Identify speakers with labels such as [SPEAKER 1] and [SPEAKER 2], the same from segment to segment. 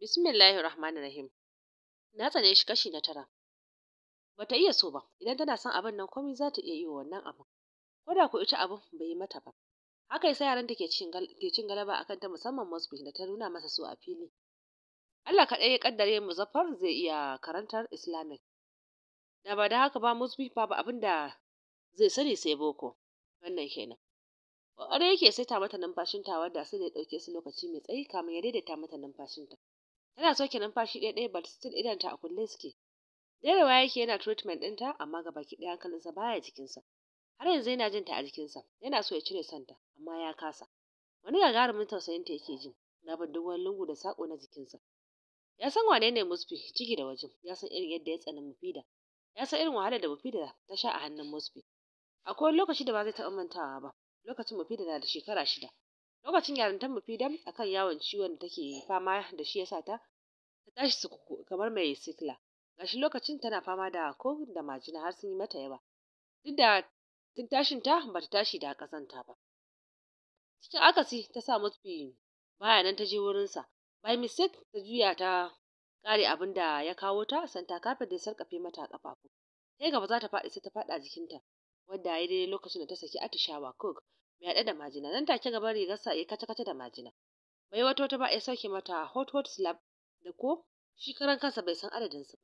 [SPEAKER 1] Bismillahir Rahmanir Rahim. Na tsane shi kashi na tara. Bata iya so ba, idan tana son abin nan komai za ta iya yi wannan abin. Ko da ku ita abin bai yi mata ba. Haka yasa yaran take ke cin galaba akan ta musamman Mosby da ta nuna masa so a fili. Allah kaɗai ya kaddare zafar zai iya karantar Islamic. Da ba da haka ba Mosby babu abin da zai sani sai boko. Wannan kenan. Ƙwaƙwara yake saita mata numfashinta wadda sai da ya ɗauke su lokaci mai tsayi kamin ya daidaita mata numfashinta. Yana soke numfashi ɗaya ɗaya but still idanta a kulle suke. Jerewa yake yana treatment ɗinta amma gaba baki ɗaya hankalinsa baya jikinsa. Har yanzu yana jin ta a jikinsa, yana so ya cire santa amma ya kasa. Wani gagarumin ta yake jin, na bin duk wani lungu da saƙo na jikinsa. Ya san wane ne Musfi ciki da wajen, ya san irin yadda ya tsani Mufida, ya san irin wahalar da Mufida ta sha a hannun Musfi. Akwai lokaci da ba zai taɓa mantawa ba, lokacin Mufida na da shekara shida. Lokacin yarintar Mufida akan yawon ciwon da take fama da shi ya sa ta ta tashi kuku kamar mai sikila gashi lokacin tana fama da ko da majina har sun yi mata yawa duk da tun tashin ta bata tashi da kasanta ba cikin akasi ta sa musfi baya nan ta je wurin sa. by mistake ta juya ta kare abin da ya kawo ta santa kafin da ya sarkafe mata kafafu sai gaba za ta faɗi sai ta faɗa ta wanda ya dai lokacin da ta saki atishawa cook mai haɗe da majina nan take gaban rigarsa ya kace kace da majina bai wato ta ba ya sauke mata hot hot slap da ko shi karan kansa bai san adadin ba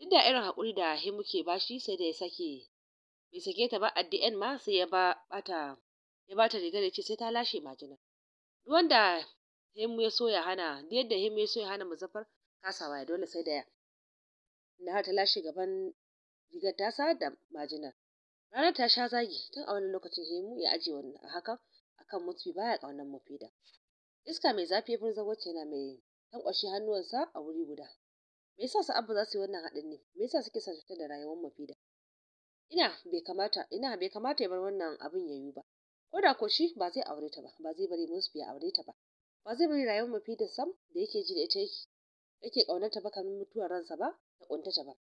[SPEAKER 1] duk da irin hakuri da he muke bashi sai da ya sake bai sake ta ba at the end ma sai ya ba bata ya bata riga da ce sai ta lashe majina wanda he mu ya so ya hana da yadda mu ya so hana muzaffar kasawa ya dole sai da ya na ta lashe gaban rigar tasa da majina ranar ta sha zagi tun a wani lokacin hemu ya aje wannan a hakan akan mutu baya ƙaunar mafida iska mai zafi ya furza wacce yana mai tankwashe hannuwansa a wuri guda me yasa su abba za su yi wannan haɗin ne me yasa suke son fitar da rayuwar mafida ina bai kamata ina bai kamata ya bar wannan abin ya yiwu ba ko da ko shi ba zai aure ta ba ba zai bari musu ya aure ta ba ba zai bari rayuwar mafida sam da yake ji da ita yake ƙaunar ta ba kamar mutuwar ransa ba ta ƙuntata ba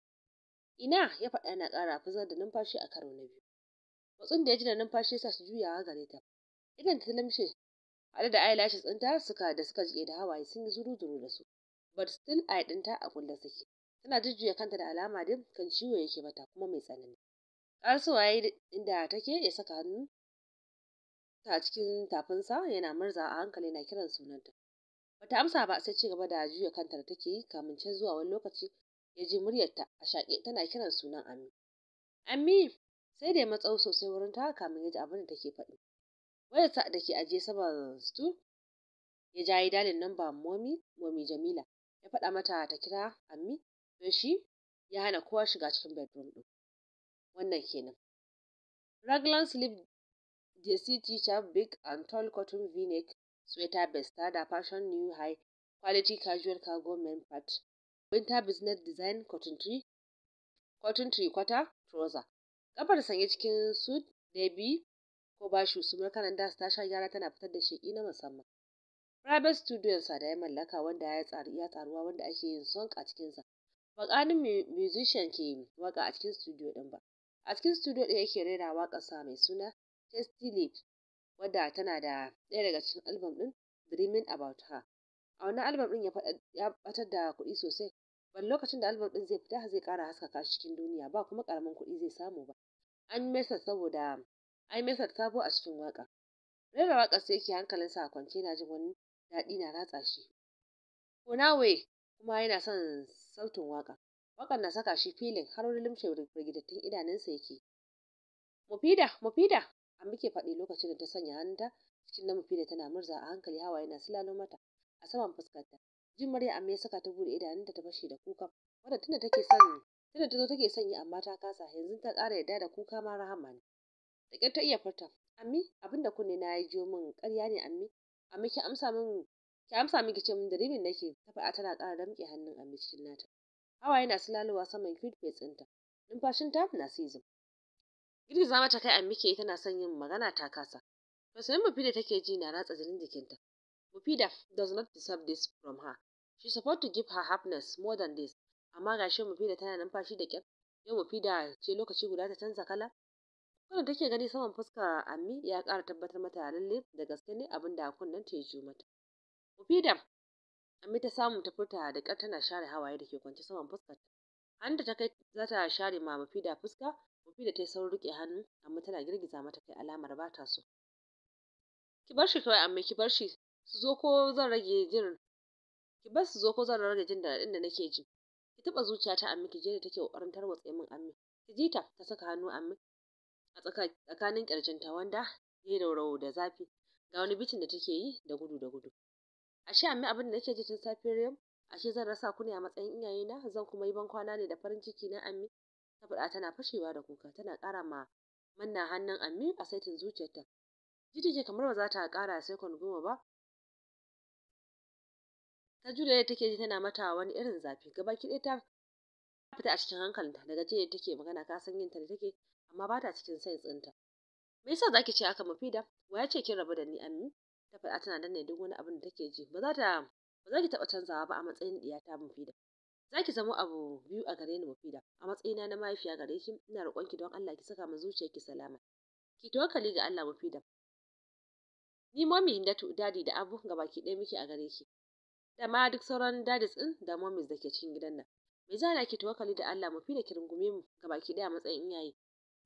[SPEAKER 1] ina ya faɗa yana ƙara fuzar da numfashi a karo na biyu matsin da ya ji da numfashi sa su juyawa gare ta idan ta lamshe haɗe da eyelashes ɗinta suka da suka jike da hawaye sun yi zuru-zuru da su but still eye ɗinta a kulle suke tana jujjuya kanta da alama din kan ciwo yake mata kuma mai tsanani ƙarsuwa ya inda take ya saka hannu ta cikin tafinsa yana murza a hankali yana kiran sunanta bata amsa ba sai ci gaba da juya kanta da take yi kamun can zuwa wani lokaci ya ji muryarta a shaƙe tana kiran sunan Ami. Ami sai da ya matsau sosai wurin ta kamin ya ji abin da take faɗi. sa da ke ajiye saman stool ya ja ya dalin namba momi momi jamila ya faɗa mata ta kira ammi don shi ya hana kowa shiga cikin bedroom ɗin wannan kenan raglan sleep city chap big and tall cotton v-neck sweater besta da fashion new high quality casual cargo men part winter business design cotton tree cotton tree quarter trouser kafar sanye cikin suit bi. ko ba shi usumar kanan su ta sha gyara tana fitar da sheƙi na musamman private Studios sa da ya mallaka wanda ya tsaru ya tsaruwa wanda ake yin son a cikin sa bakanin musician ke yi waka a cikin studio din ba a cikin studio ɗin yake rera waƙa sa mai suna Tasty Lips wadda tana da ɗaya daga cikin album ɗin Dreaming About Her a wannan album ɗin ya batar da kuɗi sosai ban lokacin da album ɗin zai fita zai ƙara haskaka shi cikin duniya ba kuma ƙaramin kuɗi zai samu ba an masa saboda ai ta sabo a cikin waka rera waka sai yake hankalinsa a kwance yana jin wani daɗi na ratsa shi nawe kuma yana son sautin waka waƙar na saka shi filin har wani limshe rigidattun idanunsa yake mufida mufida an muke faɗi lokacin da ta sanya hannunta cikin na mufida tana murza a hankali hawa yana silalo mata a saman fuskarta jin murya amma ya saka ta bude idanunta ta fashe da kuka wanda tunda take son tunda ta zo take son yi amma ta kasa yanzu ta ƙara yadda da kuka ma rahama ne da ƙyar ta iya furta ammi abin da kunne na ya jiyo min karya ne ammi ammi ki amsa min ki amsa min ki ce min dalilin nake ta faɗa tana ƙara damƙe hannun ammi cikin nata hawaye na silalowa saman cute face ɗinta numfashinta na season girgiza mata kai ammi ke tana son yin magana ta kasa sai mu fide take ji na ratsa jinin jikinta Mufida does not deserve this from her. She supposed to give her happiness more than this. Amma ga shi Mufida tana numfashi da kyar. Yau Mufida ce lokaci guda ta canza kala. Wanda take gani saman fuskar Ammi ya ƙara tabbatar mata lalle da gaske ne abin da kunnen ta ji mata. Mufida Ammi ta samu ta furta da ƙar tana share hawaye da ke kwance saman fuskar ta. ta kai za ta share ma Mufida fuska, Mufida ta yi saurin riƙe hannu amma tana girgiza mata kai alamar ba ta so. Ki bar shi kawai Ammi ki bar shi su zo ko zan rage jin ki bar su zo ko zan rage jin daɗin da nake ji. Ki taɓa zuciyata Ammi ki je da take ƙoƙarin tarwatse min Ammi. Ki ji ta ta saka hannu Ammi a tsakanin ƙirjinta wanda ya yi da zafi ga wani bitin da take yi da gudu da gudu ashe amma abin da nake ji tun safiyar yau ashe zan rasa ku ne a matsayin iyayena zan kuma yi bankwana ne da farin ciki na ammi ta faɗa tana fashewa da kuka tana ƙara ma manna hannun ammi a saitin zuciyarta ji take kamar ba za ta ƙara sekon goma ba ta jure da take ji tana mata wani irin zafi gabaki ɗaya ta fita a cikin hankalinta daga jiya take magana ka san yin ta da take amma ba ta cikin sai ɗinta. Me yasa zaki ce haka mafida? Wa ya ce kin rabu da ni Ami? Ta faɗa tana danne duk wani abin da take ji. Ba za ta ba za ki taɓa canzawa ba a matsayin ɗiyata mafida. Za ki zama abu biyu a gare ni mafida. A matsayina na mahaifiya gare ki ina roƙon ki don Allah ki saka ma ki salama. Ki tokali ga Allah mafida. Ni mami da dadi da abu ga baki ɗaya muke a gare ki. Da ma duk sauran dadis ɗin da momis da ke cikin gidan nan. Me za ki tokali da Allah mafida ki rungume mu ga baki ɗaya a matsayin iyaye.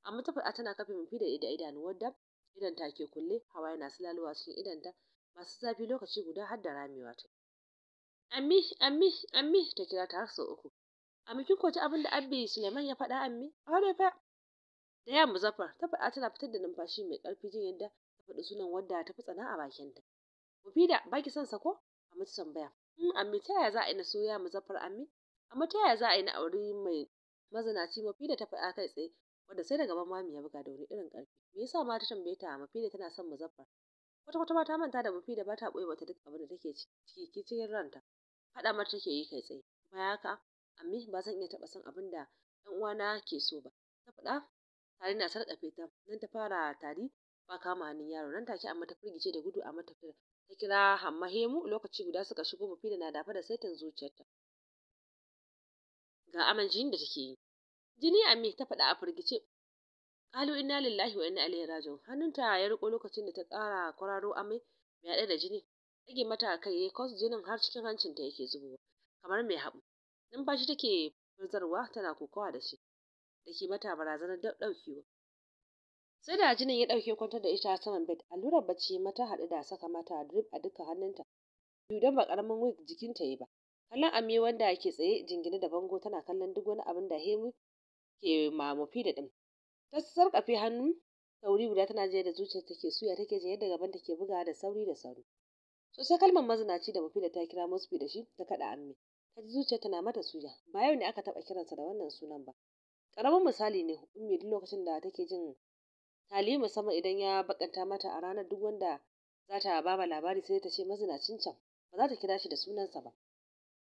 [SPEAKER 1] amma ta faɗa tana kafe mafi da ida idanu wadda idan ta ke kulle hawa yana silalowa cikin idanta masu zafi lokaci guda har da ramewa ta ammi ammi ammi ta kira ta har sau uku ammi kin koci abin da abbi suleiman ya faɗa ammi wani fa da ya muzaffar ta faɗa tana fitar da numfashi mai ƙarfi jin yadda ta faɗi sunan wadda ta fi tsana a bakinta mufida baki son sa ko amma ta tambaya in mm, ammi ta yaya za a yi na soya muzaffar ammi amma ta yaya za a yi na aure mai mazinaci da ta faɗa kai tsaye wanda sai daga gaban mami ya buga da wani irin ƙarfi me yasa ma ta tambaye ta mafida tana son muzaffar kwata kwata ta manta da mafida ba ta ɓoye mata duk abin da take ciki cikin ranta faɗa mata take yi kai tsaye baya haka ammi ba zan iya taɓa son abin da ɗan uwana ke so ba ta faɗa Tari na sarƙafe ta nan ta fara tari ba kama hannun yaro nan take amma ta firgice da gudu a mata ta kira hamma hemu lokaci guda suka shigo mafida na dafa da saitin zuciyarta ga aman da take yi Jini a Ami ta faɗa a firgice. Kalu inna lillahi wa inna ilaihi raji'un. Hannunta ya riko lokacin da ta ƙara kwararo amai mai haɗe da jini. Rage mata kai yayi kwas jinin har cikin hancin ta yake zubowa kamar mai haɓu. Numfashi take furzarwa tana kokawa da shi da ke mata barazanar ɗaukewa. Sai da jinin ya ɗauke kwantar da ita saman bed. Allurar bacci mata haɗu da saka mata drip a duka hannunta. Biyu don ba ƙaramin wig jikinta yi ba. Kallon Ami wanda ke tsaye jingine da bango tana kallon duk wani abin da Hemi ke ma da ɗin. Ta sarƙafe hannu sauri guda tana jiya da zuciyar take suya take jiya yadda gaban take bugawa da sauri da sauri. Sosai kalmar mazinaci da mafida ta kira Musbi da shi ta kaɗa amme. Ta ji zuciyar tana mata suya. Ba yau ne aka taɓa kiransa da wannan sunan ba. Ƙaramin misali ne ummi duk lokacin da take jin tali musamman idan ya bakanta mata a ranar duk wanda za ta baba labari sai ta ce mazinacin can ba za ta kira shi da sunansa ba.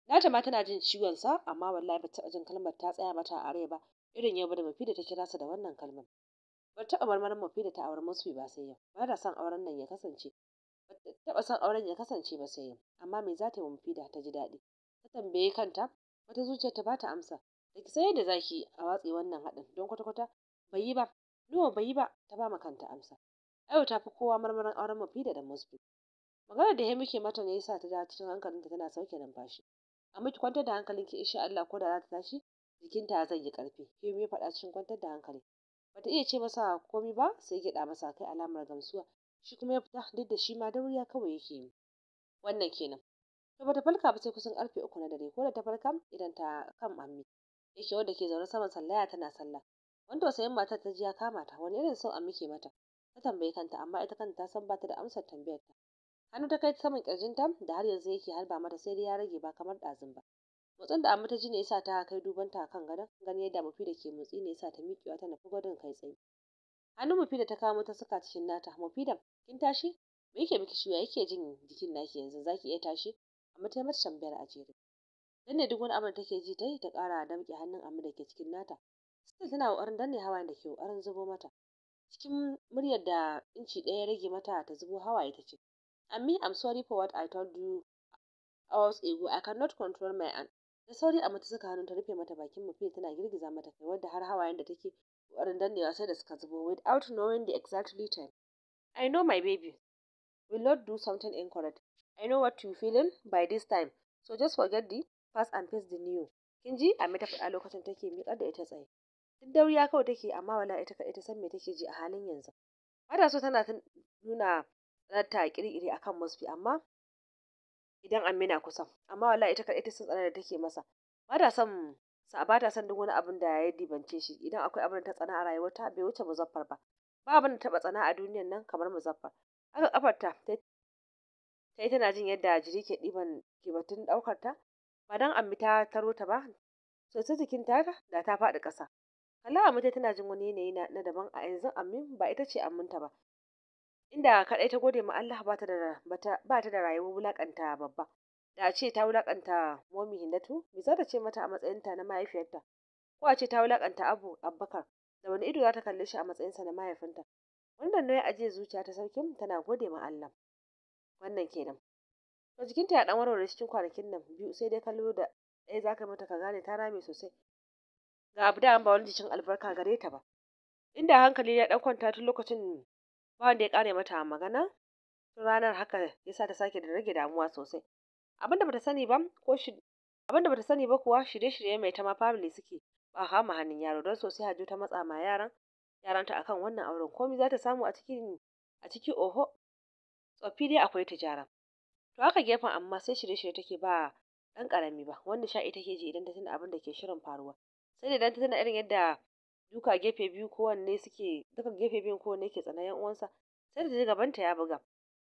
[SPEAKER 1] Nata ma tana jin ciwon sa amma wallahi ba ta jin kalmar ta tsaya mata a rai ba irin yau da mafida ta kira su da wannan kalmar bar taɓa marmarin mafida ta auren masu ba sai yau ba ta son auren nan ya kasance ba ta taɓa son auren ya kasance ba sai yau amma me za ta yi wa mafida ta ji daɗi ta tambaye kanta wata zuciyarta ba ta amsa da ki sayar za ki a watsi wannan haɗin don kwata-kwata bai yi ba nuwa bai yi ba ta ba kanta amsa ayo ta fi kowa marmarin auren mafida da musbi maganar da ya muke mata ne yasa ta dawo cikin hankalinta tana sauke numfashi A ki kwantar da hankalinki insha Allah ko da za ta tashi jikinta zai yi ƙarfi Fim ya faɗa cikin kwantar da hankali Ba ta iya ce masa komai ba sai gyaɗa masa kai alamar gamsuwa shi kuma ya fita duk da shi ma dauriya kawai yake yi wannan kenan to bata farka ba sai kusan karfe uku na dare ko da ta farka idan ta kan ammi yake wanda ke zaune saman sallaya tana sallah wanda wasayin matar ta ji ya kama ta wani irin sau ammi ke mata ta tambayi kanta amma ita kanta ta san bata da amsar tambayar ta hannu ta kai saman kirjinta da har yanzu yake harba mata sai dai ya rage ba kamar ɗazun ba motsin da amma ta ji ne yasa ta kai duban ta kan gadon gani yadda mafi da ke motsi ne yasa ta miƙewa ta fi gwadon kai tsaye hannun mafi da ta kamo ta saka cikin nata mafi da kin tashi me yake miki ciwo yake jin jikin naki yanzu zaki iya tashi amma ta mata tambayar a jere dan ne duk wani abin da take ji ta yi ta ƙara damƙe hannun amma da ke cikin nata sai tana ƙoƙarin danne hawayen da ke ƙoƙarin zubo mata cikin muryar da inci ɗaya ya rage mata ta zubo hawaye ta ce ammi am sorry for what i told you hours ago i cannot control my da sauri a ta suka hannu ta rufe mata bakin mafiya tana girgiza mata kai wadda har hawayen da take ƙoƙarin dannewa sai da suka zubo without knowing the exact time i know my baby will not do something incorrect i know what you feeling by this time so just forget the past and face the new kin ji a ta faɗa lokacin take miƙar da ita tsaye duk ya kawai take amma wala ita ka ita san me take ji a halin yanzu matasa so tana nuna ta kirkire akan musfi amma idan amina na kusa amma wallahi ita kadai ita san tsanar da take masa ba ta son sa ba ta son duk wani abin da ya dibance shi idan akwai abin da ta tsana a rayuwarta bai wuce muzaffar ba ba abin da taba tsana a duniyar nan kamar muzaffar haka kafarta ta yi tana jin yadda jiri ke ɗiban kibatun ɗaukar ta ba dan ammi ta rota ta ba sosai jikin ta da ta faɗi ƙasa kalla ammi tana jin wani yanayi na daban a yanzu Amin ba ita ce aminta ba inda kaɗai ta gode ma Allah ba ta da rayuwar wulakanta babba da ce ta wulakanta momi hindatu me za ta ce mata a matsayinta na mahaifiyarta ko a ce ta wulakanta abu abbakar da wani ido za ta kalle shi a matsayinsa na mahaifinta wannan ne ajiye zuciya ta sarkin tana gode ma Allah wannan kenan to jikinta ya dan warware cikin kwanakin nan biyu sai dai kallo da ɗaya za ka mata ka gane ta rame sosai ga abu da an ba wani jikin albarka gare ta ba inda hankali ya dan kwanta tun lokacin ba wanda ya kare mata magana tun ranar haka ya sa ta sake da rage damuwa sosai abinda bata sani ba ko shi abinda bata sani ba kuwa shirye-shirye mai tama family suke ba hama hannun yaro don sosai hajo ta matsa ma yaran yaranta akan wannan auren komai za ta samu a cikin a ciki oho tsoffi dai akwai tijara to haka gefen amma sai shirye-shirye take ba ɗan ƙarami ba wanda sha'i take ji idan ta tuna abin da ke shirin faruwa sai da idan ta tuna irin yadda duka gefe biyu kowanne suke duka gefe biyun kowanne ke yan uwansa sai da ta ya buga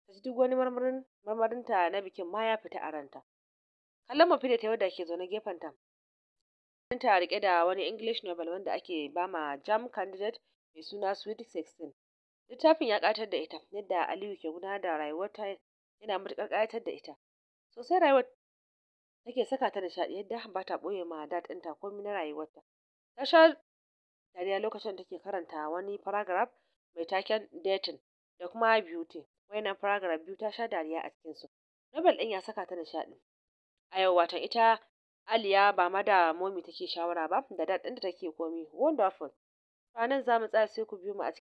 [SPEAKER 1] ta duk wani marmarin ta na bikin ma ya fita a ranta kallon mafi da ta wadda ke zaune gefen ta ta rike da wani english novel wanda ake bama jam candidate mai suna sweet sixteen littafin ya katar da ita yadda aliyu ke gudanar da rayuwarta yana matuƙar ƙayatar da ita sosai rayuwar take saka ta nishaɗi yadda ba ta ɓoye ma dad ta komai na rayuwarta ta sha kariya lokacin da take karanta wani paragraph mai taken dating da kuma beauty. Wayannan paragraph biyu ta sha dariya a cikin su. Nobel ɗin ya saka ta nishaɗi. A yau wato ita Aliya ba ma da momi take shawara ba da daɗin da take komi. Wonderful. kwanan nan za mu tsaya sai ku biyo mu a cikin